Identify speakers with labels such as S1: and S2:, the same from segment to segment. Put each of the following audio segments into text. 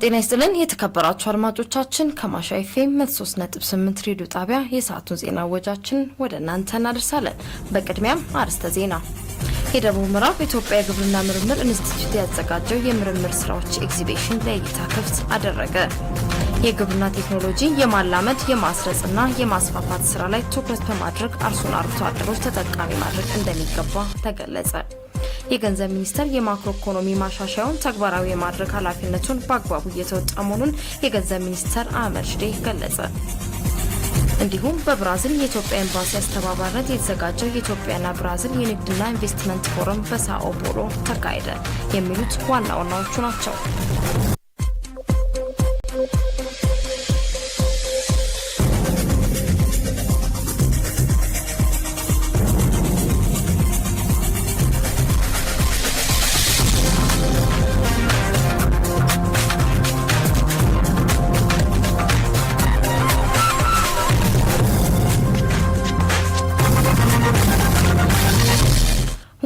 S1: ሰላም ጤና ይስጥልን። የተከበራችሁ አድማጮቻችን ከማሻ ኤፍ ኤም ሬዲዮ ጣቢያ የሰዓቱን ዜና ወጃችን ወደ እናንተ እናደርሳለን። በቅድሚያም አርዕስተ ዜና የደቡብ ምዕራብ ኢትዮጵያ የግብርና ምርምር ኢንስቲትዩት ያዘጋጀው የምርምር ስራዎች ኤግዚቢሽን ለእይታ ክፍት አደረገ። የግብርና ቴክኖሎጂ የማላመድ የማስረጽና የማስፋፋት ስራ ላይ ትኩረት በማድረግ አርሶን አርብቶ አደሮች ተጠቃሚ ማድረግ እንደሚገባ ተገለጸ። የገንዘብ ሚኒስቴር የማክሮ ኢኮኖሚ ማሻሻያውን ተግባራዊ የማድረግ ኃላፊነቱን በአግባቡ እየተወጣ መሆኑን የገንዘብ ሚኒስቴር አህመድ ሽዴ ገለጸ። እንዲሁም በብራዚል የኢትዮጵያ ኤምባሲ አስተባባሪነት የተዘጋጀው የኢትዮጵያና ብራዚል የንግድና ኢንቨስትመንት ፎረም በሳኦ ፖሎ ተካሄደ። የሚሉት ዋና ዋናዎቹ ናቸው።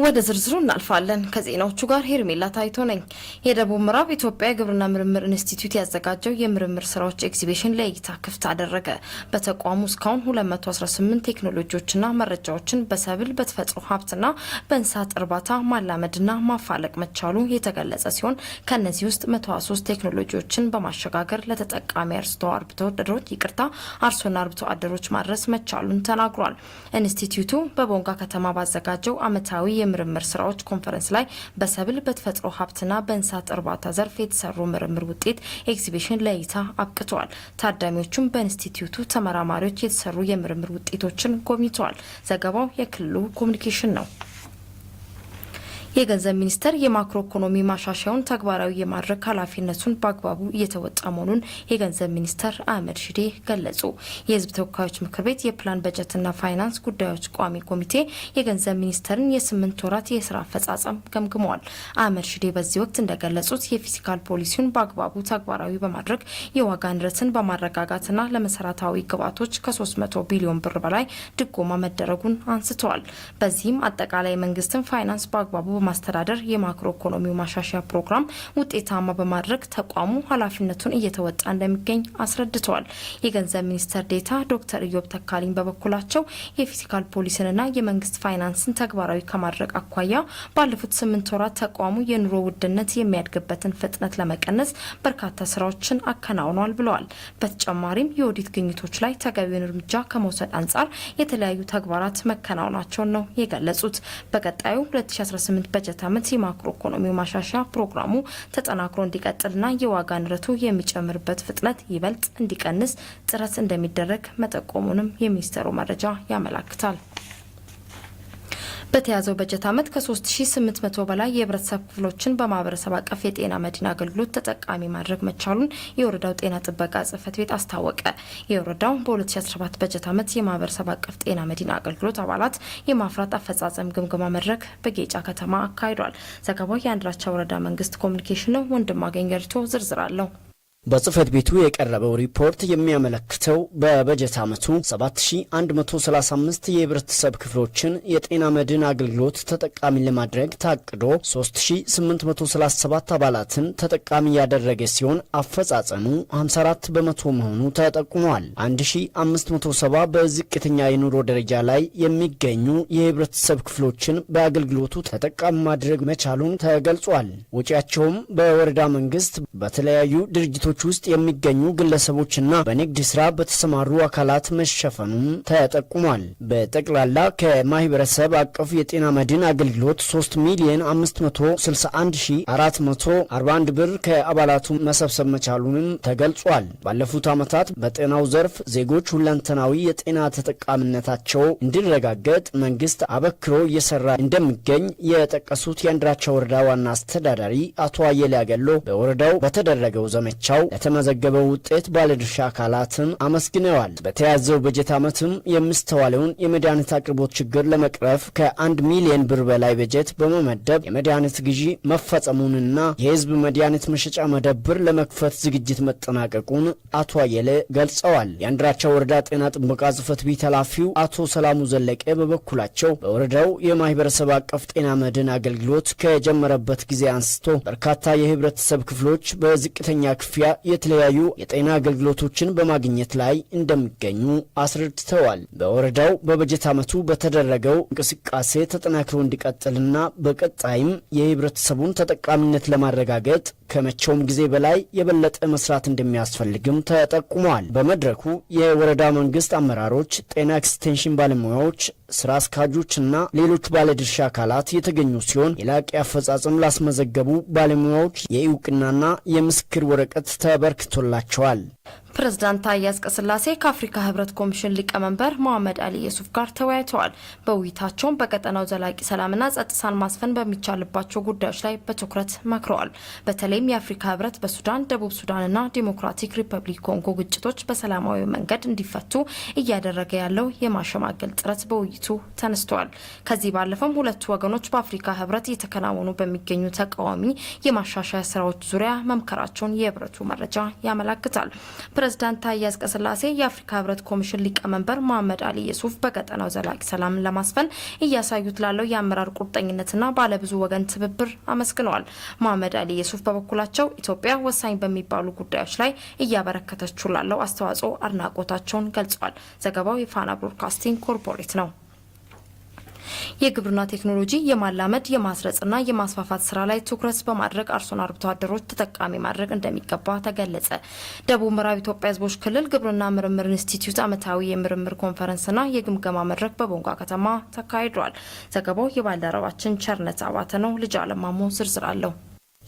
S1: ወደ ዝርዝሩ እናልፋለን። ከዜናዎቹ ጋር ሄርሜላ ታይቶ ነኝ። የደቡብ ምዕራብ ኢትዮጵያ የግብርና ምርምር ኢንስቲትዩት ያዘጋጀው የምርምር ስራዎች ኤግዚቢሽን ለእይታ ክፍት አደረገ። በተቋሙ እስካሁን 218 ቴክኖሎጂዎችና መረጃዎችን በሰብል በተፈጥሮ ሀብትና በእንስሳት እርባታ ማላመድና ማፋለቅ መቻሉ የተገለጸ ሲሆን ከእነዚህ ውስጥ 13 ቴክኖሎጂዎችን በማሸጋገር ለተጠቃሚ አርስቶ አርብቶ አደሮች ይቅርታ አርሶና አርብቶ አደሮች ማድረስ መቻሉን ተናግሯል። ኢንስቲትዩቱ በቦንጋ ከተማ ባዘጋጀው አመታዊ የምርምር ስራዎች ኮንፈረንስ ላይ በሰብል በተፈጥሮ ሀብትና በእንስሳት እርባታ ዘርፍ የተሰሩ ምርምር ውጤት ኤግዚቢሽን ለእይታ አብቅተዋል። ታዳሚዎቹም በኢንስቲትዩቱ ተመራማሪዎች የተሰሩ የምርምር ውጤቶችን ጎብኝተዋል። ዘገባው የክልሉ ኮሚኒኬሽን ነው። የገንዘብ ሚኒስቴር የማክሮ ኢኮኖሚ ማሻሻያውን ተግባራዊ የማድረግ ኃላፊነቱን በአግባቡ እየተወጣ መሆኑን የገንዘብ ሚኒስተር አህመድ ሽዴ ገለጹ። የህዝብ ተወካዮች ምክር ቤት የፕላን በጀትና ፋይናንስ ጉዳዮች ቋሚ ኮሚቴ የገንዘብ ሚኒስቴርን የስምንት ወራት የስራ አፈጻጸም ገምግመዋል። አህመድ ሽዴ በዚህ ወቅት እንደገለጹት የፊስካል ፖሊሲውን በአግባቡ ተግባራዊ በማድረግ የዋጋ ንረትን በማረጋጋትና ለመሰረታዊ ግብዓቶች ከ300 ቢሊዮን ብር በላይ ድጎማ መደረጉን አንስተዋል። በዚህም አጠቃላይ መንግስትን ፋይናንስ በአግባቡ በማስተዳደር የማክሮ ኢኮኖሚው ማሻሻያ ፕሮግራም ውጤታማ በማድረግ ተቋሙ ኃላፊነቱን እየተወጣ እንደሚገኝ አስረድተዋል። የገንዘብ ሚኒስቴር ዴታ ዶክተር ኢዮብ ተካልኝ በበኩላቸው የፊስካል ፖሊሲንና የመንግስት ፋይናንስን ተግባራዊ ከማድረግ አኳያ ባለፉት ስምንት ወራት ተቋሙ የኑሮ ውድነት የሚያድግበትን ፍጥነት ለመቀነስ በርካታ ስራዎችን አከናውኗል ብለዋል። በተጨማሪም የኦዲት ግኝቶች ላይ ተገቢውን እርምጃ ከመውሰድ አንጻር የተለያዩ ተግባራት መከናወናቸውን ነው የገለጹት። በቀጣዩ 2018 በጀት ዓመት የማክሮ ኢኮኖሚ ማሻሻያ ፕሮግራሙ ተጠናክሮ እንዲቀጥልና የዋጋ ንረቱ የሚጨምርበት ፍጥነት ይበልጥ እንዲቀንስ ጥረት እንደሚደረግ መጠቆሙንም የሚኒስቴሩ መረጃ ያመላክታል። በተያዘው በጀት ዓመት ከ3800 በላይ የህብረተሰብ ክፍሎችን በማህበረሰብ አቀፍ የጤና መድን አገልግሎት ተጠቃሚ ማድረግ መቻሉን የወረዳው ጤና ጥበቃ ጽህፈት ቤት አስታወቀ። የወረዳው በ2017 በጀት ዓመት የማህበረሰብ አቀፍ ጤና መድን አገልግሎት አባላት የማፍራት አፈጻጸም ግምገማ መድረክ በጌጫ ከተማ አካሂዷል። ዘገባው የአንድራቻ ወረዳ መንግስት ኮሚኒኬሽን ነው። ወንድማገኝ ገርቶ ዝርዝር አለው።
S2: በጽህፈት ቤቱ የቀረበው ሪፖርት የሚያመለክተው በበጀት ዓመቱ 7135 የህብረተሰብ ክፍሎችን የጤና መድን አገልግሎት ተጠቃሚ ለማድረግ ታቅዶ 3837 አባላትን ተጠቃሚ ያደረገ ሲሆን አፈጻጸሙ 54 በመቶ መሆኑ ተጠቁሟል። 1570 በዝቅተኛ የኑሮ ደረጃ ላይ የሚገኙ የህብረተሰብ ክፍሎችን በአገልግሎቱ ተጠቃሚ ማድረግ መቻሉን ተገልጿል። ወጪያቸውም በወረዳ መንግስት በተለያዩ ድርጅቶች ቤቶች ውስጥ የሚገኙ ግለሰቦችና በንግድ ስራ በተሰማሩ አካላት መሸፈኑም ተጠቁሟል። በጠቅላላ ከማህበረሰብ አቀፍ የጤና መድን አገልግሎት 3 ሚሊዮን 561441 ብር ከአባላቱ መሰብሰብ መቻሉንም ተገልጿል። ባለፉት ዓመታት በጤናው ዘርፍ ዜጎች ሁለንተናዊ የጤና ተጠቃሚነታቸው እንዲረጋገጥ መንግስት አበክሮ እየሰራ እንደሚገኝ የጠቀሱት የአንድራቻ ወረዳ ዋና አስተዳዳሪ አቶ አየል ያገሎ በወረዳው በተደረገው ዘመቻው በስራው ለተመዘገበው ውጤት ባለድርሻ አካላትን አመስግነዋል። በተያዘው በጀት ዓመትም የሚስተዋለውን የመድኃኒት አቅርቦት ችግር ለመቅረፍ ከአንድ ሚሊዮን ብር በላይ በጀት በመመደብ የመድኃኒት ግዢ መፈጸሙንና የህዝብ መድኃኒት መሸጫ መደብር ለመክፈት ዝግጅት መጠናቀቁን አቶ አየለ ገልጸዋል። የአንድራቻው ወረዳ ጤና ጥበቃ ጽህፈት ቤት ኃላፊው አቶ ሰላሙ ዘለቀ በበኩላቸው በወረዳው የማህበረሰብ አቀፍ ጤና መድን አገልግሎት ከጀመረበት ጊዜ አንስቶ በርካታ የህብረተሰብ ክፍሎች በዝቅተኛ ክፍያ የተለያዩ የጤና አገልግሎቶችን በማግኘት ላይ እንደሚገኙ አስረድተዋል። በወረዳው በበጀት ዓመቱ በተደረገው እንቅስቃሴ ተጠናክሮ እንዲቀጥልና በቀጣይም የህብረተሰቡን ተጠቃሚነት ለማረጋገጥ ከመቼውም ጊዜ በላይ የበለጠ መስራት እንደሚያስፈልግም ተጠቁመዋል። በመድረኩ የወረዳ መንግስት አመራሮች፣ ጤና ኤክስቴንሽን ባለሙያዎች ስራ እና ሌሎች ባለድርሻ አካላት የተገኙ ሲሆን የላቀ አፈጻጸም ላስመዘገቡ ባለሙያዎች የእውቅናና የምስክር ወረቀት ተበርክቶላቸዋል።
S1: ፕሬዝዳንት ታዬ አጽቀሥላሴ ከአፍሪካ ህብረት ኮሚሽን ሊቀመንበር መሐመድ አሊ የሱፍ ጋር ተወያይተዋል። በውይይታቸውም በቀጠናው ዘላቂ ሰላምና ጸጥታን ማስፈን በሚቻልባቸው ጉዳዮች ላይ በትኩረት መክረዋል። በተለይም የአፍሪካ ህብረት በሱዳን፣ ደቡብ ሱዳንና ዲሞክራቲክ ሪፐብሊክ ኮንጎ ግጭቶች በሰላማዊ መንገድ እንዲፈቱ እያደረገ ያለው የማሸማገል ጥረት በውይይቱ ተነስተዋል። ከዚህ ባለፈም ሁለቱ ወገኖች በአፍሪካ ህብረት እየተከናወኑ በሚገኙ ተቃዋሚ የማሻሻያ ስራዎች ዙሪያ መምከራቸውን የህብረቱ መረጃ ያመላክታል። ፕሬዝዳንት ታዬ አጽቀሥላሴ የአፍሪካ ህብረት ኮሚሽን ሊቀመንበር መሐመድ አሊ የሱፍ በቀጠናው ዘላቂ ሰላምን ለማስፈን እያሳዩት ላለው የአመራር ቁርጠኝነትና ባለብዙ ወገን ትብብር አመስግነዋል። መሐመድ አሊ የሱፍ በበኩላቸው ኢትዮጵያ ወሳኝ በሚባሉ ጉዳዮች ላይ እያበረከተችው ላለው አስተዋጽኦ አድናቆታቸውን ገልጸዋል። ዘገባው የፋና ብሮድካስቲንግ ኮርፖሬት ነው። የግብርና ቴክኖሎጂ የማላመድ የማስረጽና የማስፋፋት ስራ ላይ ትኩረት በማድረግ አርሶን አርብቶ አደሮች ተጠቃሚ ማድረግ እንደሚገባ ተገለጸ። ደቡብ ምዕራብ ኢትዮጵያ ሕዝቦች ክልል ግብርና ምርምር ኢንስቲትዩት ዓመታዊ የምርምር ኮንፈረንስና የግምገማ መድረክ በቦንጋ ከተማ ተካሂዷል። ዘገባው የባልደረባችን ቸርነት አባተ ነው። ልጅ አለማሞ ዝርዝር አለው።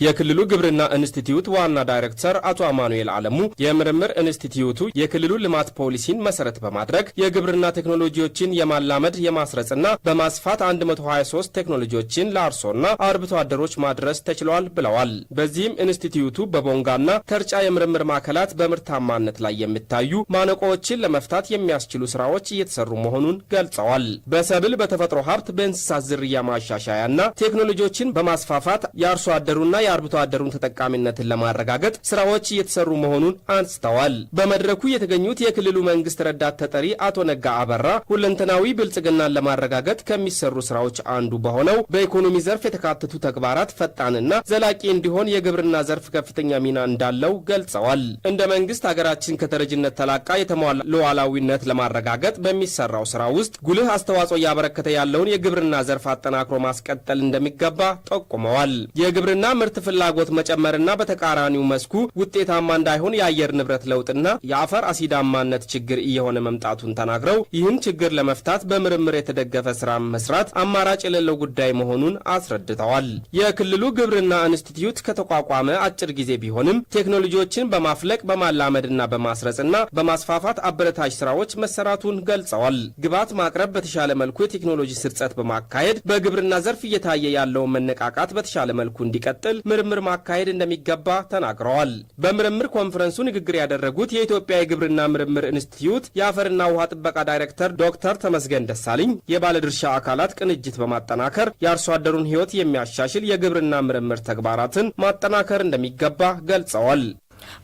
S2: የክልሉ ግብርና ኢንስቲትዩት ዋና ዳይሬክተር አቶ አማኑኤል አለሙ የምርምር ኢንስቲትዩቱ የክልሉ ልማት ፖሊሲን መሰረት በማድረግ የግብርና ቴክኖሎጂዎችን የማላመድ የማስረጽና በማስፋት 123 ቴክኖሎጂዎችን ለአርሶና አርብቶ አደሮች ማድረስ ተችሏል ብለዋል። በዚህም ኢንስቲትዩቱ በቦንጋና ተርጫ የምርምር ማዕከላት በምርታማነት ላይ የሚታዩ ማነቆዎችን ለመፍታት የሚያስችሉ ስራዎች እየተሰሩ መሆኑን ገልጸዋል። በሰብል በተፈጥሮ ሀብት በእንስሳት ዝርያ ማሻሻያና ቴክኖሎጂዎችን በማስፋፋት የአርሶ አደሩና የአርብቶ አደሩን ተጠቃሚነትን ለማረጋገጥ ስራዎች እየተሰሩ መሆኑን አንስተዋል። በመድረኩ የተገኙት የክልሉ መንግስት ረዳት ተጠሪ አቶ ነጋ አበራ ሁለንተናዊ ብልጽግናን ለማረጋገጥ ከሚሰሩ ስራዎች አንዱ በሆነው በኢኮኖሚ ዘርፍ የተካተቱ ተግባራት ፈጣንና ዘላቂ እንዲሆን የግብርና ዘርፍ ከፍተኛ ሚና እንዳለው ገልጸዋል። እንደ መንግስት ሀገራችን ከተረጅነት ተላቃ የተሟላ ሉዓላዊነት ለማረጋገጥ በሚሰራው ስራ ውስጥ ጉልህ አስተዋጽኦ እያበረከተ ያለውን የግብርና ዘርፍ አጠናክሮ ማስቀጠል እንደሚገባ ጠቁመዋል። የግብርና ምርት የምርት ፍላጎት መጨመርና በተቃራኒው መስኩ ውጤታማ እንዳይሆን የአየር ንብረት ለውጥና የአፈር አሲዳማነት ችግር እየሆነ መምጣቱን ተናግረው ይህን ችግር ለመፍታት በምርምር የተደገፈ ስራ መስራት አማራጭ የሌለው ጉዳይ መሆኑን አስረድተዋል። የክልሉ ግብርና ኢንስቲትዩት ከተቋቋመ አጭር ጊዜ ቢሆንም ቴክኖሎጂዎችን በማፍለቅ በማላመድና በማስረጽና በማስፋፋት አበረታች ስራዎች መሰራቱን ገልጸዋል። ግብዓት ማቅረብ በተሻለ መልኩ የቴክኖሎጂ ስርጸት በማካሄድ በግብርና ዘርፍ እየታየ ያለውን መነቃቃት በተሻለ መልኩ እንዲቀጥል ምርምር ማካሄድ እንደሚገባ ተናግረዋል። በምርምር ኮንፈረንሱ ንግግር ያደረጉት የኢትዮጵያ የግብርና ምርምር ኢንስቲትዩት የአፈርና ውሃ ጥበቃ ዳይሬክተር ዶክተር ተመስገን ደሳለኝ የባለድርሻ አካላት ቅንጅት በማጠናከር የአርሶ አደሩን ሕይወት የሚያሻሽል የግብርና ምርምር ተግባራትን ማጠናከር እንደሚገባ ገልጸዋል።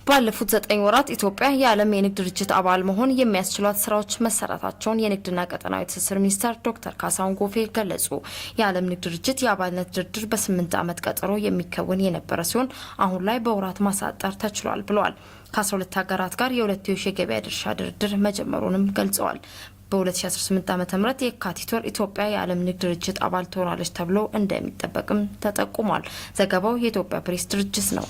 S1: ባለፉት ዘጠኝ ወራት ኢትዮጵያ የዓለም የንግድ ድርጅት አባል መሆን የሚያስችሏት ስራዎች መሰራታቸውን የንግድና ቀጠናዊ ትስስር ሚኒስትር ዶክተር ካሳሁን ጎፌ ገለጹ። የዓለም ንግድ ድርጅት የአባልነት ድርድር በስምንት ዓመት ቀጠሮ የሚከወን የነበረ ሲሆን አሁን ላይ በወራት ማሳጠር ተችሏል ብለዋል። 12 ሁለት ሀገራት ጋር የሁለትዮሽ የገበያ ድርሻ ድርድር መጀመሩንም ገልጸዋል። በ2018 ዓ ም የካቲት ወር ኢትዮጵያ የዓለም ንግድ ድርጅት አባል ትሆናለች ተብሎ እንደሚጠበቅም ተጠቁሟል። ዘገባው የኢትዮጵያ ፕሬስ ድርጅት ነው።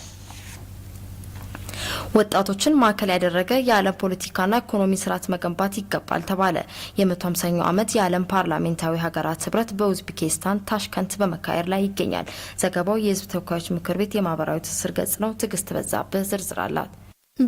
S1: ወጣቶችን ማዕከል ያደረገ የዓለም ፖለቲካና ኢኮኖሚ ስርዓት መገንባት ይገባል ተባለ። የመቶ ሃምሳኛው ዓመት የዓለም ፓርላሜንታዊ ሀገራት ህብረት በኡዝቤኪስታን ታሽከንት በመካሄድ ላይ ይገኛል። ዘገባው የህዝብ ተወካዮች ምክር ቤት የማህበራዊ ትስስር ገጽ ነው። ትዕግስት በዛብህ ዝርዝር አላት።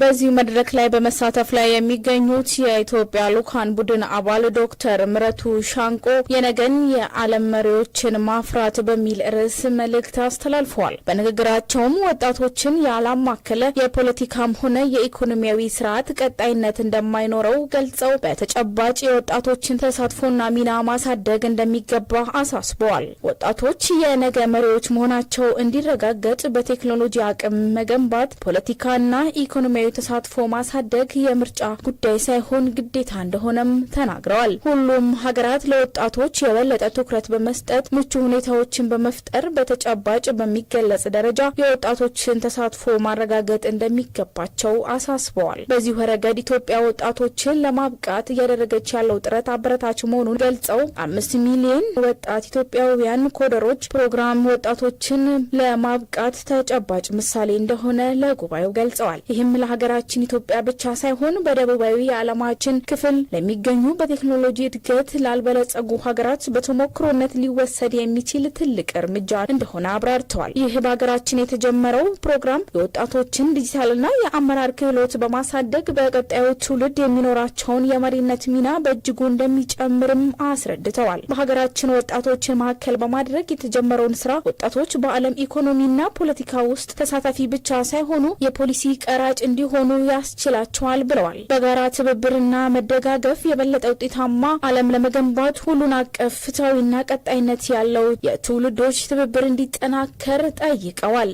S3: በዚህ መድረክ ላይ በመሳተፍ ላይ የሚገኙት የኢትዮጵያ ሉካን ቡድን አባል ዶክተር ምረቱ ሻንቆ የነገን የዓለም መሪዎችን ማፍራት በሚል ርዕስ መልእክት አስተላልፈዋል። በንግግራቸውም ወጣቶችን ያላማከለ የፖለቲካም ሆነ የኢኮኖሚያዊ ስርዓት ቀጣይነት እንደማይኖረው ገልጸው በተጨባጭ የወጣቶችን ተሳትፎና ሚና ማሳደግ እንደሚገባ አሳስበዋል። ወጣቶች የነገ መሪዎች መሆናቸው እንዲረጋገጥ በቴክኖሎጂ አቅም መገንባት ፖለቲካና ኢኮኖሚ ኢኮኖሚያዊ ተሳትፎ ማሳደግ የምርጫ ጉዳይ ሳይሆን ግዴታ እንደሆነም ተናግረዋል። ሁሉም ሀገራት ለወጣቶች የበለጠ ትኩረት በመስጠት ምቹ ሁኔታዎችን በመፍጠር በተጨባጭ በሚገለጽ ደረጃ የወጣቶችን ተሳትፎ ማረጋገጥ እንደሚገባቸው አሳስበዋል። በዚሁ ረገድ ኢትዮጵያ ወጣቶችን ለማብቃት እያደረገች ያለው ጥረት አበረታች መሆኑን ገልጸው አምስት ሚሊዮን ወጣት ኢትዮጵያውያን ኮደሮች ፕሮግራም ወጣቶችን ለማብቃት ተጨባጭ ምሳሌ እንደሆነ ለጉባኤው ገልጸዋል። ይህም ለሀገራችን ኢትዮጵያ ብቻ ሳይሆን በደቡባዊ የዓለማችን ክፍል ለሚገኙ በቴክኖሎጂ እድገት ላልበለጸጉ ሀገራት በተሞክሮነት ሊወሰድ የሚችል ትልቅ እርምጃ እንደሆነ አብራርተዋል። ይህ በሀገራችን የተጀመረው ፕሮግራም የወጣቶችን ዲጂታልና የአመራር ክህሎት በማሳደግ በቀጣዩ ትውልድ የሚኖራቸውን የመሪነት ሚና በእጅጉ እንደሚጨምርም አስረድተዋል። በሀገራችን ወጣቶችን ማዕከል በማድረግ የተጀመረውን ስራ ወጣቶች በዓለም ኢኮኖሚና ፖለቲካ ውስጥ ተሳታፊ ብቻ ሳይሆኑ የፖሊሲ ቀራጭ እንዲሆኑ ያስችላቸዋል ብለዋል። በጋራ ትብብርና መደጋገፍ የበለጠ ውጤታማ ዓለም ለመገንባት ሁሉን አቀፍ ፍትሐዊና ቀጣይነት ያለው የትውልዶች ትብብር እንዲጠናከር ጠይቀዋል።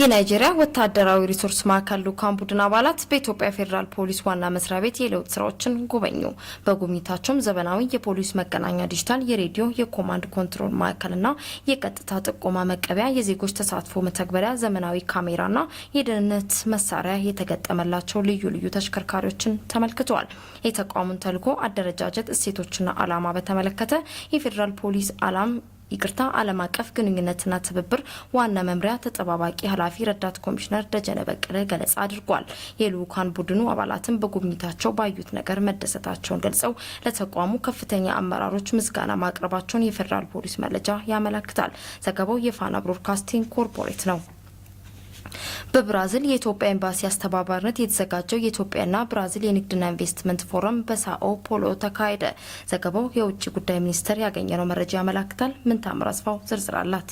S1: የናይጄሪያ ወታደራዊ ሪሶርስ ማዕከል ልዑካን ቡድን አባላት በኢትዮጵያ ፌዴራል ፖሊስ ዋና መስሪያ ቤት የለውጥ ስራዎችን ጎበኙ። በጉብኝታቸውም ዘመናዊ የፖሊስ መገናኛ፣ ዲጂታል የሬዲዮ የኮማንድ ኮንትሮል ማዕከልና የቀጥታ ጥቆማ መቀበያ፣ የዜጎች ተሳትፎ መተግበሪያ፣ ዘመናዊ ካሜራና የደህንነት መሳሪያ የተገጠመላቸው ልዩ ልዩ ተሽከርካሪዎችን ተመልክተዋል። የተቋሙን ተልዕኮ አደረጃጀት፣ እሴቶችና ዓላማ በተመለከተ የፌዴራል ፖሊስ አላም ይቅርታ ዓለም አቀፍ ግንኙነትና ትብብር ዋና መምሪያ ተጠባባቂ ኃላፊ ረዳት ኮሚሽነር ደጀነ በቀለ ገለጻ አድርጓል። የልዑካን ቡድኑ አባላትም በጉብኝታቸው ባዩት ነገር መደሰታቸውን ገልጸው ለተቋሙ ከፍተኛ አመራሮች ምስጋና ማቅረባቸውን የፌዴራል ፖሊስ መረጃ ያመለክታል። ዘገባው የፋና ብሮድካስቲንግ ኮርፖሬት ነው። በብራዚል የኢትዮጵያ ኤምባሲ አስተባባሪነት የተዘጋጀው የኢትዮጵያና ብራዚል የንግድና ኢንቨስትመንት ፎረም በሳኦ ፖሎ ተካሄደ። ዘገባው የውጭ ጉዳይ ሚኒስቴር ያገኘነው መረጃ ያመላክታል። ምንታምር አስፋው ዝርዝር አላት።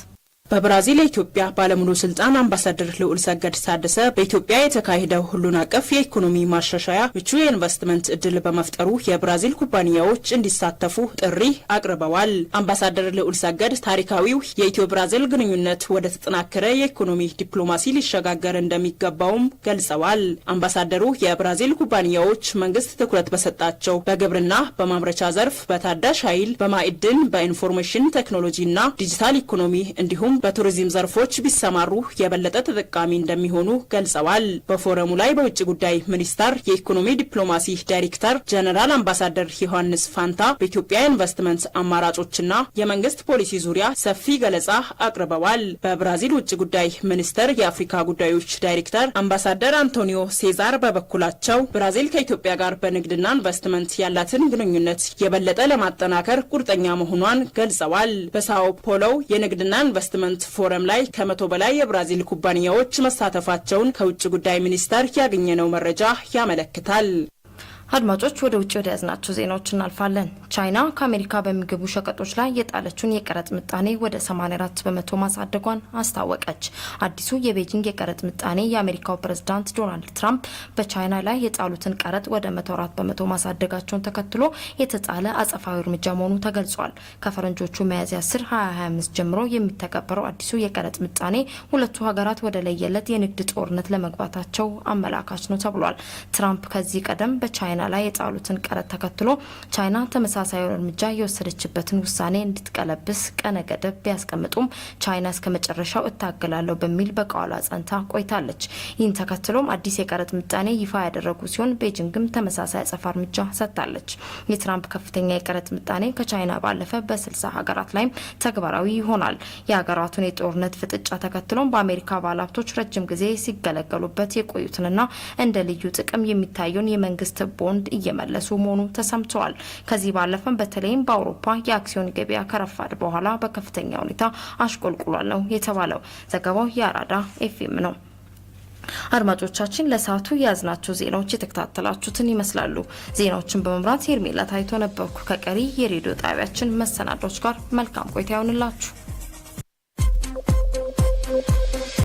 S2: በብራዚል የኢትዮጵያ ባለሙሉ ስልጣን አምባሳደር ልዑል ሰገድ ታደሰ በኢትዮጵያ የተካሄደው ሁሉን አቀፍ የኢኮኖሚ ማሻሻያ ምቹ የኢንቨስትመንት እድል በመፍጠሩ የብራዚል ኩባንያዎች እንዲሳተፉ ጥሪ አቅርበዋል። አምባሳደር ልዑል ሰገድ ታሪካዊው የኢትዮ ብራዚል ግንኙነት ወደ ተጠናከረ የኢኮኖሚ ዲፕሎማሲ ሊሸጋገር እንደሚገባውም ገልጸዋል። አምባሳደሩ የብራዚል ኩባንያዎች መንግስት ትኩረት በሰጣቸው በግብርና፣ በማምረቻ ዘርፍ፣ በታዳሽ ኃይል፣ በማዕድን፣ በኢንፎርሜሽን ቴክኖሎጂ ዲጂታል ኢኮኖሚ እንዲሁም በመሆን በቱሪዝም ዘርፎች ቢሰማሩ የበለጠ ተጠቃሚ እንደሚሆኑ ገልጸዋል። በፎረሙ ላይ በውጭ ጉዳይ ሚኒስቴር የኢኮኖሚ ዲፕሎማሲ ዳይሬክተር ጀነራል አምባሳደር ዮሐንስ ፋንታ በኢትዮጵያ ኢንቨስትመንት አማራጮችና የመንግስት ፖሊሲ ዙሪያ ሰፊ ገለጻ አቅርበዋል። በብራዚል ውጭ ጉዳይ ሚኒስቴር የአፍሪካ ጉዳዮች ዳይሬክተር አምባሳደር አንቶኒዮ ሴዛር በበኩላቸው ብራዚል ከኢትዮጵያ ጋር በንግድና ኢንቨስትመንት ያላትን ግንኙነት የበለጠ ለማጠናከር ቁርጠኛ መሆኗን ገልጸዋል። በሳኦ ፖሎ የንግድና ኢንቨስትመንት ኢንቨስትመንት ፎረም ላይ ከመቶ በላይ የብራዚል ኩባንያዎች መሳተፋቸውን ከውጭ ጉዳይ ሚኒስቴር ያገኘነው መረጃ ያመለክታል።
S1: አድማጮች ወደ ውጭ ወደ ያዝናቸው ዜናዎች እናልፋለን። ቻይና ከአሜሪካ በሚገቡ ሸቀጦች ላይ የጣለችውን የቀረጥ ምጣኔ ወደ 84 በመቶ ማሳደጓን አስታወቀች። አዲሱ የቤጂንግ የቀረጥ ምጣኔ የአሜሪካው ፕሬዝዳንት ዶናልድ ትራምፕ በቻይና ላይ የጣሉትን ቀረጥ ወደ 104 በመቶ ማሳደጋቸውን ተከትሎ የተጣለ አጸፋዊ እርምጃ መሆኑ ተገልጿል። ከፈረንጆቹ ሚያዝያ 10 2025 ጀምሮ የሚተገበረው አዲሱ የቀረጥ ምጣኔ ሁለቱ ሀገራት ወደ ለየለት የንግድ ጦርነት ለመግባታቸው አመላካች ነው ተብሏል። ትራምፕ ከዚህ ቀደም በቻይና ላይ የጣሉትን ቀረጥ ተከትሎ ቻይና ተመሳሳዩን እርምጃ የወሰደችበትን ውሳኔ እንድትቀለብስ ቀነ ገደብ ቢያስቀምጡም ቻይና እስከ መጨረሻው እታገላለሁ በሚል በቃሏ ጸንታ ቆይታለች። ይህን ተከትሎም አዲስ የቀረጥ ምጣኔ ይፋ ያደረጉ ሲሆን ቤጂንግም ተመሳሳይ አጸፋ እርምጃ ሰጥታለች። የትራምፕ ከፍተኛ የቀረጥ ምጣኔ ከቻይና ባለፈ በስልሳ ሀገራት ላይም ተግባራዊ ይሆናል። የሀገራቱን የጦርነት ፍጥጫ ተከትሎም በአሜሪካ ባለሀብቶች ረጅም ጊዜ ሲገለገሉበት የቆዩትንና እንደ ልዩ ጥቅም የሚታየውን የመንግስት ቦ ቦንድ እየመለሱ መሆኑ ተሰምተዋል። ከዚህ ባለፈም በተለይም በአውሮፓ የአክሲዮን ገበያ ከረፋድ በኋላ በከፍተኛ ሁኔታ አሽቆልቁሏል ነው የተባለው። ዘገባው የአራዳ ኤፍኤም ነው። አድማጮቻችን ለሰዓቱ የያዝናቸው ዜናዎች የተከታተላችሁትን ይመስላሉ። ዜናዎችን በመምራት ሄርሜላ ታይቶ ነበርኩ። ከቀሪ የሬዲዮ ጣቢያችን መሰናዶች ጋር መልካም ቆይታ ይሆንላችሁ።